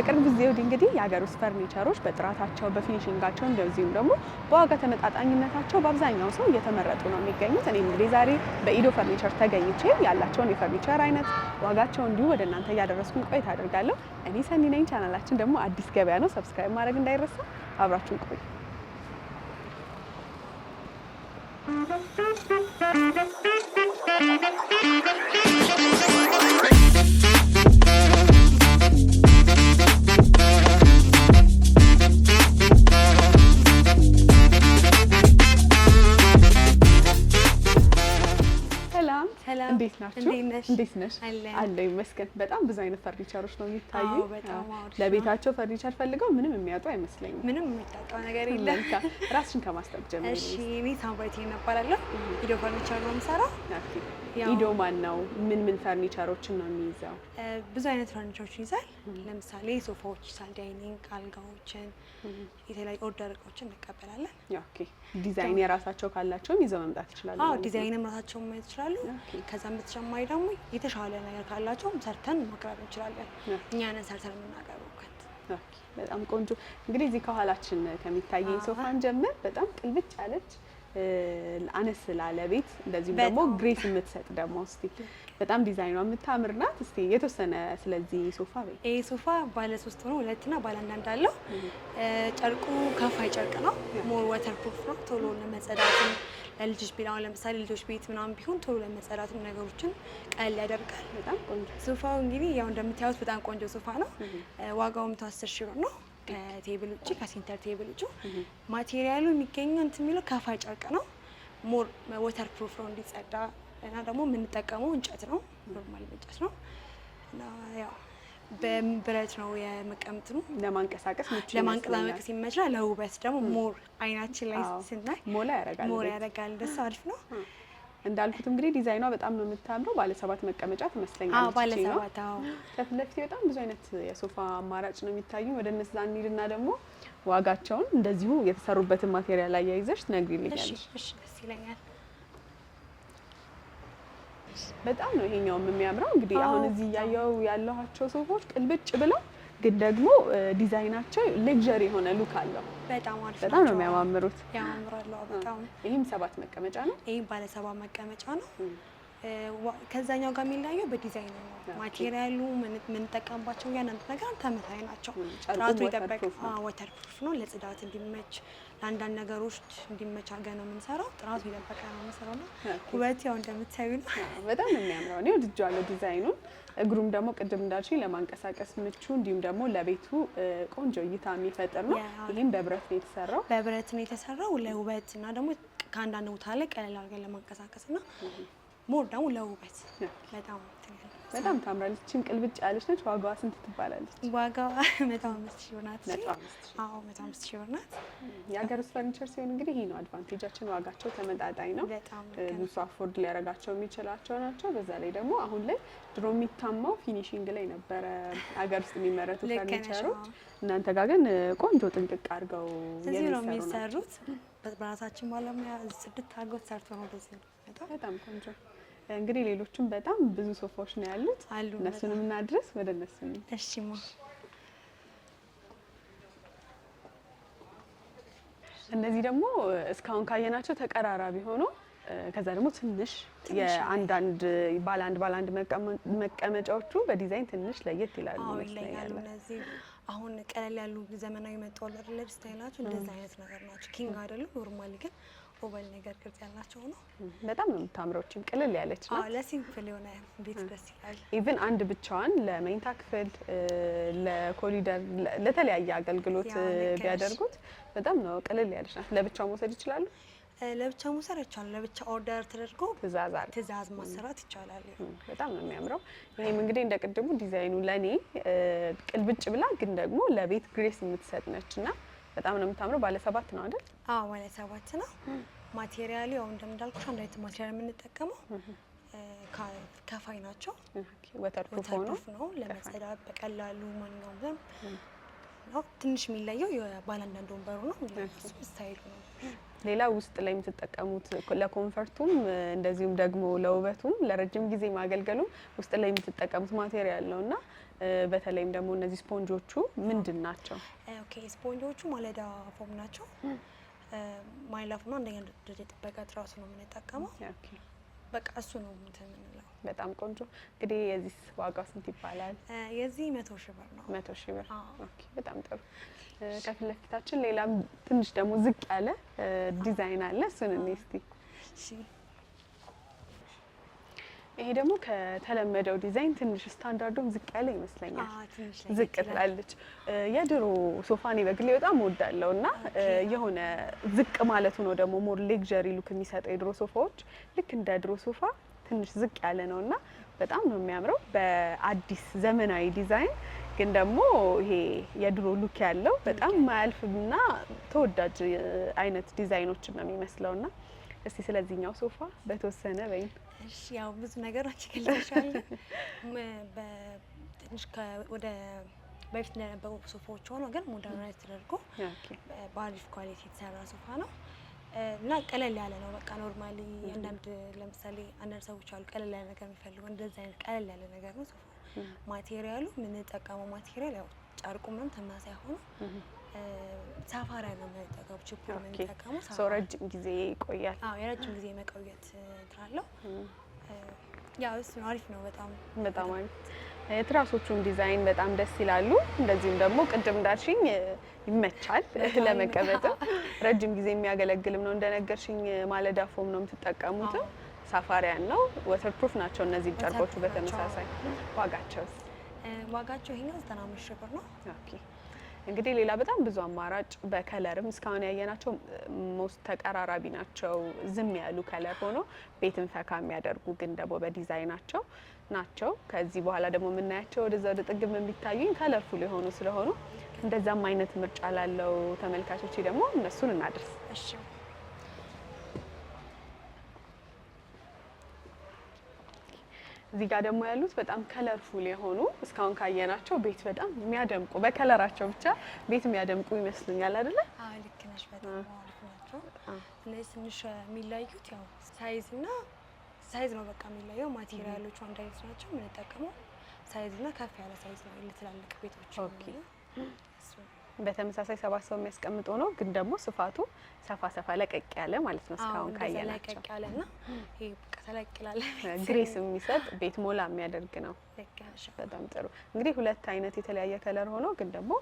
ከቅርብ ጊዜ ወዲህ እንግዲህ የሀገር ውስጥ ፈርኒቸሮች በጥራታቸው በፊኒሽንጋቸው እንደዚሁም ደግሞ በዋጋ ተመጣጣኝነታቸው በአብዛኛው ሰው እየተመረጡ ነው የሚገኙት። እኔ እንግዲህ ዛሬ በኢዶ ፈርኒቸር ተገኝቼ ያላቸውን የፈርኒቸር አይነት ዋጋቸው እንዲሁ ወደ እናንተ እያደረስኩን ቆይታ አድርጋለሁ። እኔ ሰኒ ነኝ። ቻናላችን ደግሞ አዲስ ገበያ ነው። ሰብስክራይብ ማድረግ እንዳይረሳ። አብራችሁን ቆዩ። እንዴት ናችሁ? እንዴት ነሽ? አለሁ ይመስገን። በጣም ብዙ አይነት ፈርኒቸሮች ነው የሚታዩ። ለቤታቸው ፈርኒቸር ፈልገው ምንም የሚያጡ አይመስለኝም። ምንም የሚታጣው ነገር የለም። ራስሽን ጀምሪ። እሺ፣ እኔ እባላለሁ። ቪዲዮ ፈርኒቸር ነው የምሰራው። ማን ነው። ምን ምን ፈርኒቸሮችን ነው የሚይዘው? ብዙ አይነት ፈርኒቸሮችን ይዛል። ለምሳሌ ሶፋዎች ይዛል፣ ዳይኒንግ አልጋዎችን፣ የተለያዩ ኦርደር እቃዎችን እንቀበላለን። ዲዛይን የራሳቸው ካላቸውም ይዘው መምጣት ይችላሉ። አዎ ዲዛይንም ራሳቸው ማየት ይችላሉ። ከዛም በተጨማሪ ደግሞ የተሻለ ነገር ካላቸውም ሰርተን ማቅረብ እንችላለን። እኛ ነን ሰርተን የምናቀርበው። በጣም ቆንጆ እንግዲህ እዚህ ከኋላችን ከሚታየኝ ሶፋን ጀምር በጣም ቅልብጭ አለች አነስ ስላለ ቤት እንደዚሁም ደግሞ ግሬስ የምትሰጥ ደግሞ እስቲ በጣም ዲዛይኗ የምታምር ናት። እስቲ የተወሰነ ስለዚህ ሶፋ ቤት ይህ ሶፋ ባለ ሶስት ሆኖ ሁለትና ባለ አንዳንድ አለው። ጨርቁ ከፋይ ጨርቅ ነው። ሞር ወተር ፕሩፍ ነው። ቶሎ ለመጸዳትም ለልጆች ቤት አሁን ለምሳሌ ልጆች ቤት ምናምን ቢሆን ቶሎ ለመጸዳትም ነገሮችን ቀል ያደርጋል። በጣም ቆንጆ ሶፋው እንግዲህ ያው እንደምታዩት በጣም ቆንጆ ሶፋ ነው። ዋጋውም ታስር ሺህ ብር ነው። ከቴብል ውጭ ከሴንተር ቴብል ውጭ ማቴሪያሉ የሚገኘው እንትን የሚለው ከፋ ጨርቅ ነው። ሞር ወተር ፕሩፍ ነው እንዲጸዳ እና ደግሞ የምንጠቀመው እንጨት ነው፣ ኖርማል እንጨት ነው እና ያው በብረት ነው የመቀምት ነው ለማንቀሳቀስ ለማንቀሳቀስ ይመችላል። ለውበት ደግሞ ሞር አይናችን ላይ ስናይ ሞላ ያረጋል፣ ሞር ያረጋል። ደስ አሪፍ ነው። እንዳልኩት እንግዲህ ዲዛይኗ በጣም ነው የምታምረው። ባለሰባት መቀመጫ ትመስለኛለች። ባለሰባት ከፊት ለፊት በጣም ብዙ አይነት የሶፋ አማራጭ ነው የሚታዩ። ወደ እነዛ እንሂድና ደግሞ ዋጋቸውን እንደዚሁ የተሰሩበትን ማቴሪያል አያይዘሽ ትነግሪልኛለሽ። ደስ ይለኛል። በጣም ነው ይሄኛውም የሚያምረው። እንግዲህ አሁን እዚህ እያየው ያለኋቸው ሶፋዎች ቅልብጭ ብለው ግን ደግሞ ዲዛይናቸው ሌክዠሪ የሆነ ሉክ አለው። በጣም አሪፍ በጣም ነው የሚያማምሩት። ያማምራሉ በጣም። ይሄም ሰባት መቀመጫ ነው። ይህም ባለ ሰባት መቀመጫ ነው። ከዛኛው ጋር የሚለያየው በዲዛይን ነው። ማቴሪያሉ የምንጠቀምባቸው እያንዳንዱ ነገር ተመሳሳይ ናቸው። ጥራቱ የጠበቀ ወተር ፕሩፍ ነው። ለጽዳት እንዲመች፣ ለአንዳንድ ነገሮች እንዲመች አድርገን ነው የምንሰራው። ጥራቱ የጠበቀ ነው የምንሰራው እና ውበት ያው እንደምታዩ ነው። በጣም የሚያምረው እኔ ወድጄዋለሁ ዲዛይኑን እግሩም ደግሞ ቅድም እንዳልሽ ለማንቀሳቀስ ምቹ እንዲሁም ደግሞ ለቤቱ ቆንጆ እይታ የሚፈጥር ነው። ይህም በብረት ነው የተሰራው። በብረት ነው የተሰራው ለውበት እና ደግሞ ከአንዳንድ ቦታ ላይ ቀለል አድርገን ለማንቀሳቀስ እና ሞር ደግሞ ለውበት በጣም በጣም ታምራለች። እቺም ቅልብጭ ያለች ነች። ዋጋዋ ስንት ትባላለች? ዋጋዋ መቶ አምስት ሺህ ብር ናት። አዎ መቶ አምስት ሺህ ብር ናት። የሀገር ውስጥ ፈርኒቸር ሲሆን እንግዲህ ይህ ነው አድቫንቴጃችን። ዋጋቸው ተመጣጣኝ ነው። ብዙ አፎርድ ሊያረጋቸው የሚችላቸው ናቸው። በዛ ላይ ደግሞ አሁን ላይ ድሮ የሚታማው ፊኒሽንግ ላይ ነበረ ሀገር ውስጥ የሚመረቱ ፈርኒቸሮች። እናንተ ጋር ግን ቆንጆ ጥንቅቅ አድርገው ነው የሚሰሩት። በራሳችን ባለሙያ ስድት አድርገው ሰርቶ ነው በዚህ ነው በጣም ቆንጆ እንግዲህ ሌሎችም በጣም ብዙ ሶፋዎች ነው ያሉት። እነሱንም እናድረስ ወደ እነሱ እሺ ማ እነዚህ ደግሞ እስካሁን ካየናቸው ተቀራራቢ ሆኖ ከዛ ደግሞ ትንሽ የአንዳንድ ባለአንድ ባለአንድ መቀመጫዎቹ በዲዛይን ትንሽ ለየት ይላሉ እነዚህ አሁን ቀለል ያሉ ዘመናዊ መጠወል ስታይላቸው እንደዚህ አይነት ነገር ናቸው። ኪንግ አይደሉም ኖርማሊ ግን ኦቫል ነገር ቅርጽ ያላቸው ነው። በጣም ነው የምታምረችም ቅልል ያለች ነው። ለሲምፕል የሆነ ቤት ደስ ይላል። ኢቭን አንድ ብቻዋን ለመኝታ ክፍል፣ ለኮሪደር፣ ለተለያየ አገልግሎት ቢያደርጉት በጣም ነው ቅልል ያለች ናት። ለብቻው መውሰድ ይችላሉ። ለብቻ መውሰድ ይቻላል። ለብቻ ኦርደር ተደርጎ ትእዛዝ ማሰራት ይቻላል። በጣም ነው የሚያምረው። ይህም እንግዲህ እንደ ቅድሙ ዲዛይኑ ለእኔ ቅልብጭ ብላ ግን ደግሞ ለቤት ግሬስ የምትሰጥ ነች እና በጣም ነው የምታምረው። ባለ ሰባት ነው አይደል? አዎ ባለ ሰባት ነው። ማቴሪያሉ ያው እንደምዳልኩሽ አንድ አይነት ማቴሪያል የምንጠቀመው ከፋይ ናቸው። ወተርፕሩፍ ነው ለመጸዳት በቀላሉ ማንኛውም ዘንድ ነው። ትንሽ የሚለየው የባለ አንዳንድ ወንበሩ ነው ስታይሉ ነው። ሌላ ውስጥ ላይ የምትጠቀሙት ለኮንፈርቱም እንደዚሁም ደግሞ ለውበቱም ለረጅም ጊዜ ማገልገሉም ውስጥ ላይ የምትጠቀሙት ማቴሪያል ነው እና በተለይም ደግሞ እነዚህ ስፖንጆቹ ምንድን ናቸው? ኦኬ ስፖንጆቹ ማለዳ ፎም ናቸው። ማይላፍ ነው። አንደኛ ደረጃ ጥበቃ ጥራቱ ነው የምንጠቀመው። በቃ እሱ ነው እንትን የምንለው። በጣም ቆንጆ። እንግዲህ የዚህ ዋጋ ስንት ይባላል? የዚህ መቶ ሺህ ብር ነው። መቶ ሺህ ብር። ኦኬ፣ በጣም ጥሩ። ከፊት ለፊታችን ሌላም ትንሽ ደግሞ ዝቅ ያለ ዲዛይን አለ። እሱን እስቲ ይሄ ደግሞ ከተለመደው ዲዛይን ትንሽ ስታንዳርዱም ዝቅ ያለ ይመስለኛል። ዝቅ ትላለች። የድሮ ሶፋ እኔ በግሌ በጣም ወዳለው እና የሆነ ዝቅ ማለቱ ነው ደግሞ ሞር ሌግዠሪ ሉክ የሚሰጠው። የድሮ ሶፋዎች ልክ እንደ ድሮ ሶፋ ትንሽ ዝቅ ያለ ነው እና በጣም ነው የሚያምረው በአዲስ ዘመናዊ ዲዛይን ግን ደግሞ ይሄ የድሮ ሉክ ያለው በጣም ማያልፍና ተወዳጅ አይነት ዲዛይኖችን ነው ና እስቲ ስለዚህኛው ሶፋ በተወሰነ በይን እሺ ያው ብዙ ነገሮች ይገልጻሻል። በትንሽ ወደ በፊት ለነበሩ ሶፋዎች ሆኖ ግን ሞደርናይዝ ተደርጎ በአሪፍ ኳሊቲ የተሰራ ሶፋ ነው እና ቀለል ያለ ነው። በቃ ኖርማሊ አንዳንድ ለምሳሌ አንዳንድ ሰዎች አሉ ቀለል ያለ ነገር የሚፈልጉ እንደዚህ አይነት ቀለል ያለ ነገር ነው ሶፋ። ማቴሪያሉ የምንጠቀመው ማቴሪያል ያው ጨርቁ ምንም ተመሳሳይ ሆኖ ሳፋራ ነው የምንጠቀሙ ችፑድ የምንጠቀሙ ረጅም ጊዜ ይቆያል። የረጅም ጊዜ መቆየት ትራለው ያው እሱ አሪፍ ነው። በጣም በጣም አሪፍ ትራሶቹም ዲዛይን በጣም ደስ ይላሉ። እንደዚሁም ደግሞ ቅድም እንዳልሽኝ ይመቻል ለመቀመጥም ረጅም ጊዜ የሚያገለግልም ነው። እንደነገርሽኝ ማለዳ ፎም ነው የምትጠቀሙትም ሳፋሪያን ነው። ወተር ፕሩፍ ናቸው እነዚህ ጨርቆቹ። በተመሳሳይ ዋጋቸው ዋጋቸው ይሄኛው ዘጠና አምስት ሺህ ብር ነው። ኦኬ እንግዲህ ሌላ በጣም ብዙ አማራጭ በከለርም እስካሁን ያየናቸው ሞስት ተቀራራቢ ናቸው። ዝም ያሉ ከለር ሆኖ ቤትን ፈካ የሚያደርጉ ግን ደግሞ በዲዛይናቸው ናቸው። ከዚህ በኋላ ደግሞ የምናያቸው ወደዛ ወደ ጥግም የሚታዩኝ ከለርፉል የሆኑ ስለሆኑ እንደዛም አይነት ምርጫ ላለው ተመልካቾች ደግሞ እነሱን እናድርስ። እዚህ ጋር ደግሞ ያሉት በጣም ከለርፉል የሆኑ እስካሁን ካየናቸው ቤት በጣም የሚያደምቁ በከለራቸው ብቻ ቤት የሚያደምቁ ይመስሉኛል አይደለ? አዎ ልክ ነሽ። በጣም አሪፍ ናቸው። እነዚህ ትንሽ የሚለያዩት ያው ሳይዝ እና ሳይዝ ነው በቃ የሚለየው። ማቴሪያሎቹ አንድ አይነት ናቸው። የምንጠቀመው ሳይዝ እና ከፍ ያለ ሳይዝ ነው ለትላልቅ ቤቶች። ኦኬ በተመሳሳይ ሰባት ሰው የሚያስቀምጡ ነው፣ ግን ደግሞ ስፋቱ ሰፋ ሰፋ ለቀቅ ያለ ማለት ነው። እስካሁን ካየናቸው ግሬስ የሚሰጥ ቤት ሞላ የሚያደርግ ነው። በጣም ጥሩ እንግዲህ ሁለት አይነት የተለያየ ከለር ሆኖ ግን ደግሞ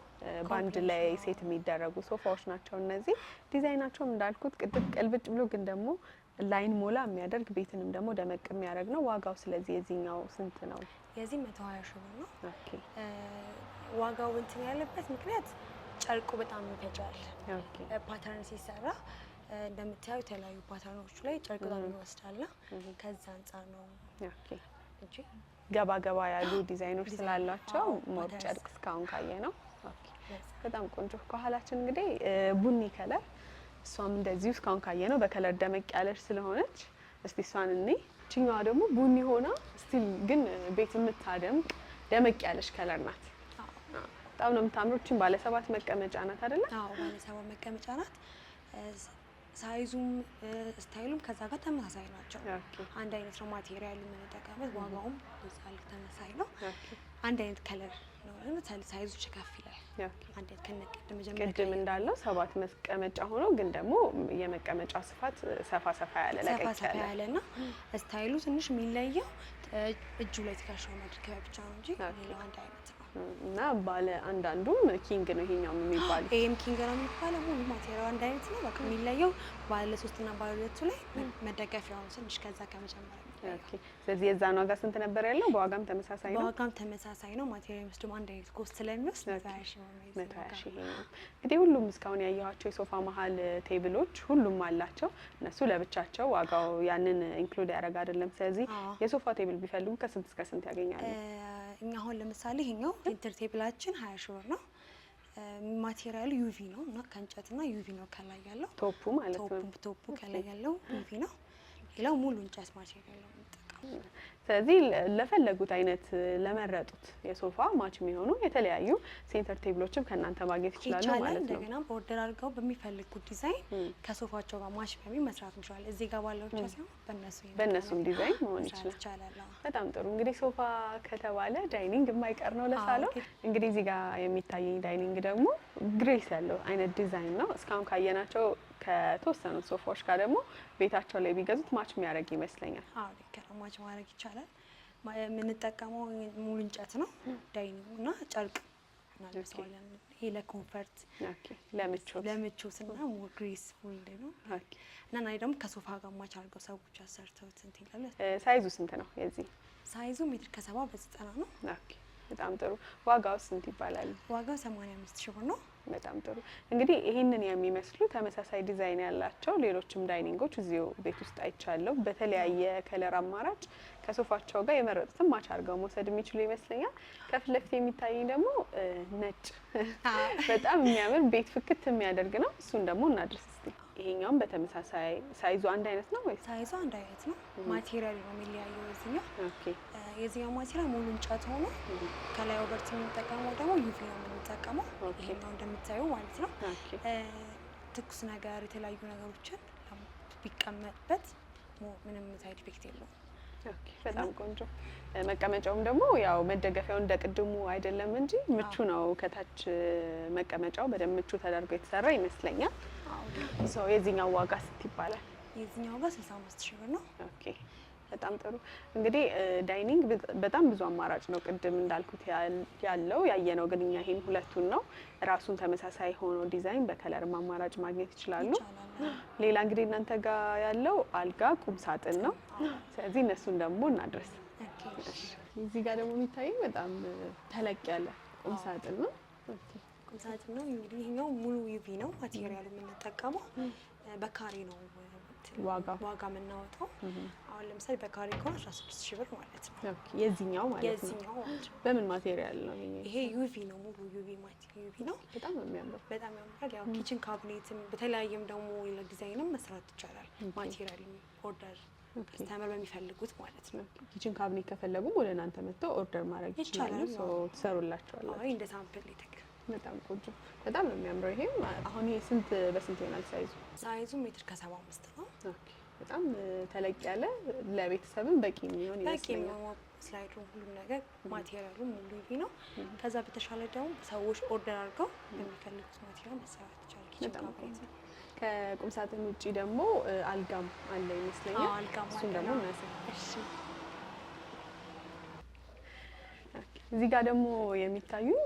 በአንድ ላይ ሴት የሚደረጉ ሶፋዎች ናቸው እነዚህ። ዲዛይናቸውም እንዳልኩት ቅድም ቅልብጭ ብሎ ግን ደግሞ ላይን ሞላ የሚያደርግ ቤትንም ደግሞ ደመቅ የሚያደርግ ነው። ዋጋው ስለዚህ የዚህኛው ስንት ነው? የዚህ መቶ ሀያ ብር ነው ዋጋው እንትን ያለበት ምክንያት ጨርቁ በጣም ይፈጃል። ፓተርን ሲሰራ እንደምታዩ የተለያዩ ፓተርኖቹ ላይ ጨርቅ ጋር ይወስዳል። ከዛ አንጻር ነው እንጂ ገባ ገባ ያሉ ዲዛይኖች ስላላቸው ሞር ጨርቅ እስካሁን ካየ ነው። በጣም ቆንጆ። ከኋላችን እንግዲህ ቡኒ ከለር እሷም እንደዚሁ እስካሁን ካየ ነው በከለር ደመቅ ያለች ስለሆነች እስቲ እሷን እኔ ችኛዋ ደግሞ ቡኒ ሆና ስቲል ግን ቤት የምታደምቅ ደመቅ ያለች ከለር ናት። በጣም ነው የምታምሮችን። ባለ ሰባት መቀመጫ ናት አይደለ? አዎ ባለ ሰባት መቀመጫ ናት። ሳይዙም ስታይሉም ከዛ ጋር ተመሳሳይ ናቸው። አንድ አይነት ነው ማቴሪያሉ የምንጠቀመው፣ ዋጋውም በዛ ልክ ተመሳሳይ ነው። አንድ አይነት ከለር ነው። ሳይዙ ከፍ ይላል። አንድ አይነት ከነቀድ መጀመሪያ ቅድም እንዳለው ሰባት መቀመጫ ሆኖ ግን ደግሞ የመቀመጫ ስፋት ሰፋ ሰፋ ያለ ሰፋ ሰፋ ያለ ና ስታይሉ ትንሽ የሚለየው እጁ ላይ ትከሻው ማድረጊያ ብቻ ነው እንጂ ሌላው አንድ አይነት እና ባለ አንዳንዱም ኪንግ ነው ይሄኛው የሚባል ይሄም ኪንግ ነው የሚባለው። ሁሉ ማቴሪያል አንድ አይነት ነው። በቃ የሚለየው ባለ ሶስት እና ባለ ሁለቱ ላይ መደገፊያ ነው ትንሽ ከዛ ከመጀመር። ኦኬ። ስለዚህ የዛን ዋጋ ስንት ነበር ያለው? በዋጋም ተመሳሳይ ነው። በዋጋም ተመሳሳይ ነው። ማቴሪያል ውስጥ አንድ አይነት ኮስት ስለሚወስድ መቶ ሀያ ሺህ ነው። እንግዲህ ሁሉም እስካሁን ያየኋቸው የሶፋ መሀል ቴብሎች ሁሉም አላቸው። እነሱ ለብቻቸው ዋጋው ያንን ኢንክሉድ ያደረገ አይደለም። ስለዚህ የሶፋ ቴብል ቢፈልጉ ከስንት እስከ ስንት ያገኛሉ? እኛ አሁን ለምሳሌ ይሄኛው ኢንተር ቴብላችን ሀያ ሺህ ብር ነው። ማቴሪያሉ ዩቪ ነው እና ከእንጨት እና ዩቪ ነው ከላይ ያለው ቶፑ ማለት ነው። ቶፑ ከላይ ያለው ዩቪ ነው። ሌላው ሙሉ እንጨት ማቴሪያል ነው። ስለዚህ ለፈለጉት አይነት ለመረጡት የሶፋ ማች የሚሆኑ የተለያዩ ሴንተር ቴብሎችም ከእናንተ ማግኘት ይችላሉ ማለት ነው። እንደገና ቦርደር አድርገው በሚፈልጉት ዲዛይን ከሶፋቸው ጋር ማች በሚ መስራት እንችላለን። እዚህ ጋር ባለው ብቻ ሳይሆን በእነሱ በእነሱም ዲዛይን መሆን ይችላል። በጣም ጥሩ። እንግዲህ ሶፋ ከተባለ ዳይኒንግ የማይቀር ነው ለሳለው። እንግዲህ እዚህ ጋር የሚታየኝ ዳይኒንግ ደግሞ ግሬስ ያለው አይነት ዲዛይን ነው። እስካሁን ካየናቸው ከተወሰኑ ሶፋዎች ጋር ደግሞ ቤታቸው ላይ ቢገዙት ማች የሚያደርግ ይመስለኛል። አዎ ልክ ነው። ማች ማድረግ ይቻላል። የምንጠቀመው ሙሉ እንጨት ነው። ዳይኒንጉ እና ጨርቅ ይሄ ለኮንፈርት ለምቾት ለምቾት እና ሞር ግሬስፉል ነው እና እኔ ደግሞ ከሶፋ ጋር ማች አድርገው ሰዎች አሰርተውት እንትን ይላሉ። ሳይዙ ስንት ነው? የዚህ ሳይዙ ሜትር ከሰባ በዘጠና ነው። በጣም ጥሩ። ዋጋው ስንት ይባላል? ዋጋው ሰማንያ አምስት ሺህ ብር ነው። በጣም ጥሩ እንግዲህ ይህንን የሚመስሉ ተመሳሳይ ዲዛይን ያላቸው ሌሎችም ዳይኒንጎች እዚሁ ቤት ውስጥ አይቻለሁ። በተለያየ ከለር አማራጭ ከሶፋቸው ጋር የመረጡትን ማች አድርገው መውሰድ የሚችሉ ይመስለኛል። ከፊት ለፊት የሚታየኝ ደግሞ ነጭ በጣም የሚያምር ቤት ፍክት የሚያደርግ ነው። እሱን ደግሞ እናድርስ ይሄኛውም በተመሳሳይ ሳይዙ አንድ አይነት ነው ወይስ? ሳይዙ አንድ አይነት ነው። ማቴሪያል ነው የሚለያየው። የዚህኛው ኦኬ፣ የዚህኛው ማቴሪያል ሙሉ እንጨት ሆኖ ከላይ ኦቨርት የምንጠቀመው ደግሞ ዩቪ ነው የምንጠቀመው። ይሄኛው እንደምታዩ ማለት ነው ትኩስ ነገር የተለያዩ ነገሮችን ቢቀመጥበት ምንም ሳይድ ኢፌክት የለውም። በጣም ቆንጆ። መቀመጫውም ደግሞ ያው መደገፊያው እንደ ቅድሙ አይደለም እንጂ ምቹ ነው። ከታች መቀመጫው በደንብ ምቹ ተደርጎ የተሰራ ይመስለኛል። የዚህኛው ዋጋ ስት ይባላል? የዚህኛው ዋጋ ስልሳ አምስት ሺህ ብር ነው። ኦኬ በጣም ጥሩ እንግዲህ ዳይኒንግ በጣም ብዙ አማራጭ ነው። ቅድም እንዳልኩት ያለው ያየነው ግን እኛ ይህን ሁለቱን ነው። ራሱን ተመሳሳይ ሆኖ ዲዛይን በከለር አማራጭ ማግኘት ይችላሉ። ሌላ እንግዲህ እናንተ ጋር ያለው አልጋ ቁም ሳጥን ነው። ስለዚህ እነሱን ደግሞ እናድረስ። እዚህ ጋር ደግሞ የሚታየኝ በጣም ተለቅ ያለ ቁም ሳጥን ነው። ቁም ሳጥን ነው እንግዲህ ይሄኛው ሙሉ ዩቪ ነው ማቴሪያሉ የምንጠቀመው በካሬ ነው ማለት ዋጋ ዋጋ የምናወጣው አሁን ለምሳሌ በካሬ ከሆነ 16 ሺህ ብር ማለት ነው። የዚህኛው ማለት ነው። በምን ማቴሪያል ነው ይሄ? ዩቪ ነው፣ ሙሉ ዩቪ ዩቪ ነው። በጣም የሚያምር በጣም ያምራል። ያው ኪችን ካብኔትም በተለያየም ደግሞ ዲዛይንም መስራት ይቻላል። ማቴሪያል ኦርደር ከስተመር በሚፈልጉት ማለት ነው። ኪችን ካብኔት ከፈለጉም ወደ እናንተ መጥተው ኦርደር ማድረግ ይቻላል። ትሰሩላቸዋል እንደ ሳምፕል በጣም ቆንጆ በጣም ነው የሚያምረው። ይሄም አሁን ይሄ ስንት በስንት ይሆናል ሳይዙ? ሳይዙ ሜትር ከሰባ አምስት ነው። በጣም ተለቅ ያለ ለቤተሰብም በቂ የሚሆን ይመስለኛል። ስላይዱ ሁሉም ነገር ማቴሪያሉ ሙሉ ይሄ ነው። ከዛ በተሻለ ደግሞ ሰዎች ኦርደር አድርገው የሚፈልጉት ማቴሪያል መሰራት ይቻላል። ከቁም ሳጥን ውጭ ደግሞ አልጋም አለ ይመስለኛል። አልጋም እሱም ደግሞ እሺ እዚህ ጋር ደግሞ የሚታዩኝ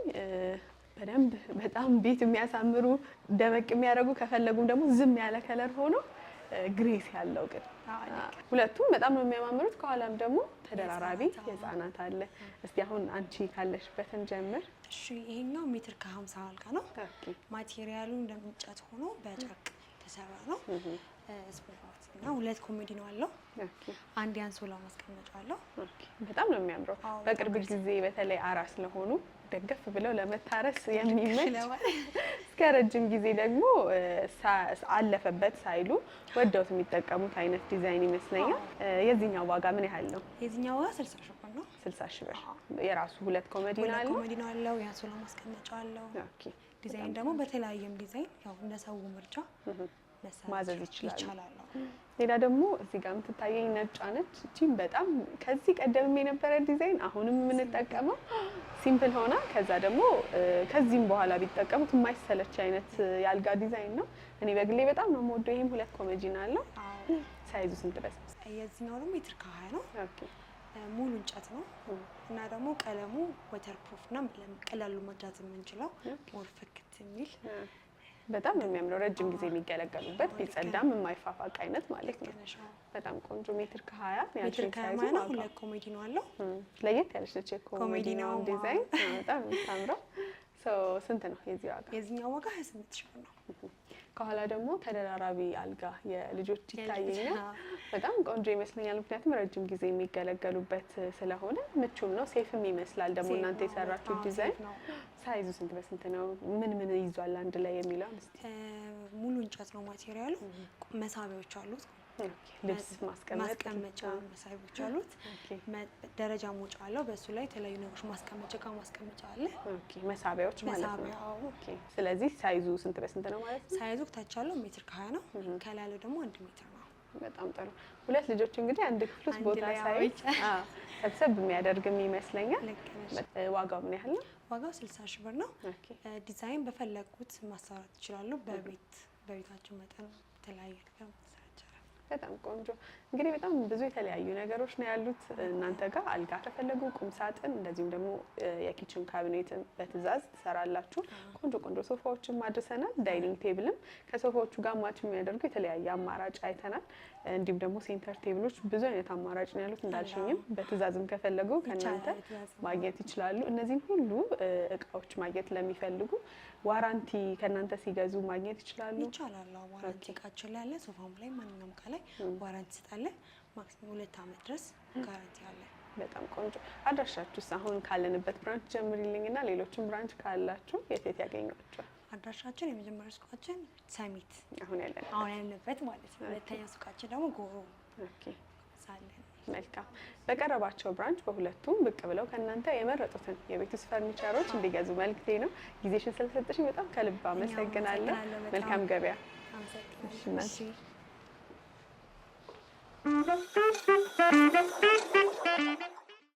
በደንብ በጣም ቤት የሚያሳምሩ ደመቅ የሚያደርጉ ከፈለጉም ደግሞ ዝም ያለ ከለር ሆኖ ግሬስ ያለው ግን ሁለቱም በጣም ነው የሚያማምሩት። ከኋላም ደግሞ ተደራራቢ የህፃናት አለ። እስቲ አሁን አንቺ ካለሽበትን ጀምር። እሺ ይሄኛው ሜትር ከሀምሳ አልጋ ነው። ማቴሪያሉ እንደምንጨት ሆኖ በጨርቅ የተሰራ ነው። እና ሁለት ኮሜዲ ነው አለው አንድ ያንሶላ ማስቀመጫ አለው። በጣም ነው የሚያምረው። በቅርብ ጊዜ በተለይ አራስ ለሆኑ ደገፍ ብለው ለመታረስ የሚመች እስከ ረጅም ጊዜ ደግሞ አለፈበት ሳይሉ ወደውት የሚጠቀሙት አይነት ዲዛይን ይመስለኛል። የዚህኛው ዋጋ ምን ያህል ነው? የዚህኛው ዋጋ ስልሳ ሺህ ብር ነው። ስልሳ ሺህ ብር የራሱ ሁለት ኮሜዲ ነው ያለው። ኮሜዲ ነው ያለው። ያንሶላ ማስቀመጫ አለው። ዲዛይን ደግሞ በተለያየም ዲዛይን ያው እንደ ምርጫ ማዘዝ ይችላሉ። ሌላ ደግሞ እዚህ ጋር የምትታየኝ ነጭ ነች። እቺም በጣም ከዚህ ቀደምም የነበረ ዲዛይን አሁንም የምንጠቀመው ሲምፕል ሆና ከዛ ደግሞ ከዚህም በኋላ ቢጠቀሙት የማይሰለች አይነት የአልጋ ዲዛይን ነው። እኔ በግሌ በጣም ነው የምወደው። ይህም ሁለት ኮመጂን አለው። ሳይዙ ስንት ድረስ? የዚህኛው ደግሞ ሜትር ከሀያ ነው። ሙሉ እንጨት ነው እና ደግሞ ቀለሙ ወተር ፕሩፍ እና ቀላሉ መግዛት የምንችለው ሞር ፍክት የሚል በጣም የሚያምረው ረጅም ጊዜ የሚገለገሉበት ቢጸዳም የማይፋፋቅ አይነት ማለት ነው። በጣም ቆንጆ ሜትር ከሀያ ሜትር ከሀያ ነው። ሁለት ኮሜዲ ነው አለው። ለየት ያለች ነች። የኮሜዲ ነው ዲዛይን በጣም የምታምረው። ስንት ነው የዚህ ዋጋ? የዚህኛው ዋጋ ሀያ ስምንት ሺህ ነው። ከኋላ ደግሞ ተደራራቢ አልጋ የልጆች ይታየኛል። በጣም ቆንጆ ይመስለኛል፣ ምክንያቱም ረጅም ጊዜ የሚገለገሉበት ስለሆነ ምቹም ነው። ሴፍም ይመስላል ደግሞ እናንተ የሰራችሁ ዲዛይን ሳይዙ ስንት በስንት ነው? ምን ምን ይዟል አንድ ላይ የሚለው ሙሉ እንጨት ነው ማቴሪያሉ። መሳቢያዎች አሉት፣ ልብስ ማስቀመጫ መሳቢያዎች አሉት። ደረጃ መውጫ አለው። በእሱ ላይ የተለያዩ ነገሮች ማስቀመጫ እቃ ማስቀመጫ አለ። መሳቢያዎች ማለት ነው። ስለዚህ ሳይዙ ስንት በስንት ነው ማለት ነው? ሳይዙ ታች ያለው ሜትር ከሀያ ነው፣ ከላይ ያለው ደግሞ አንድ ሜትር ነው። በጣም ጥሩ። ሁለት ልጆች እንግዲህ አንድ ክፍል ውስጥ ቦታ ሳይ ሰብሰብ የሚያደርግም ይመስለኛል። ዋጋው ምን ያህል ነው? ዋጋው 60 ሺህ ብር ነው። ዲዛይን በፈለጉት ማሰራት ይችላሉ። በቤት በቤታቸው መጠን የተለያየ ነገር በጣም ቆንጆ እንግዲህ በጣም ብዙ የተለያዩ ነገሮች ነው ያሉት እናንተ ጋር አልጋ ከፈለጉ ቁም ሳጥን እንደዚሁም ደግሞ የኪችን ካቢኔትን በትእዛዝ ትሰራላችሁ ቆንጆ ቆንጆ ሶፋዎችን አድርሰናል ዳይኒንግ ቴብልም ከሶፋዎቹ ጋር ማች የሚያደርጉ የተለያየ አማራጭ አይተናል እንዲሁም ደግሞ ሴንተር ቴብሎች ብዙ አይነት አማራጭ ነው ያሉት እንዳልሽኝም በትእዛዝም ከፈለጉ ከእናንተ ማግኘት ይችላሉ እነዚህም ሁሉ እቃዎች ማግኘት ለሚፈልጉ ዋራንቲ ከእናንተ ሲገዙ ማግኘት ይችላሉ ይቻላል ዋራንቲ እቃችን ላይ ያለ ሶፋም ላይ ማንኛውም ከላይ ላይ ዋራንቲ ስጣለን። ማክሲመም ሁለት አመት ድረስ ጋራንቲ አለ። በጣም ቆንጆ። አድራሻችሁስ አሁን ካለንበት ብራንች ጀምሪልኝና ሌሎችን ብራንች ካላችሁ የት የት ያገኟቸዋል? አድራሻችን የመጀመሪያ ሱቃችን ሰሚት አሁን ያለ አሁን ያለንበት ማለት ነው። ሁለተኛ ሱቃችን ደግሞ ጎሮ ሳለን መልካም በቀረባቸው ብራንች በሁለቱም ብቅ ብለው ከእናንተ የመረጡትን የቤት ውስጥ ፈርኒቸሮች እንዲገዙ መልክቴ ነው። ጊዜሽን ስለሰጠሽኝ በጣም ከልብ አመሰግናለሁ። መልካም ገበያ። Thank you.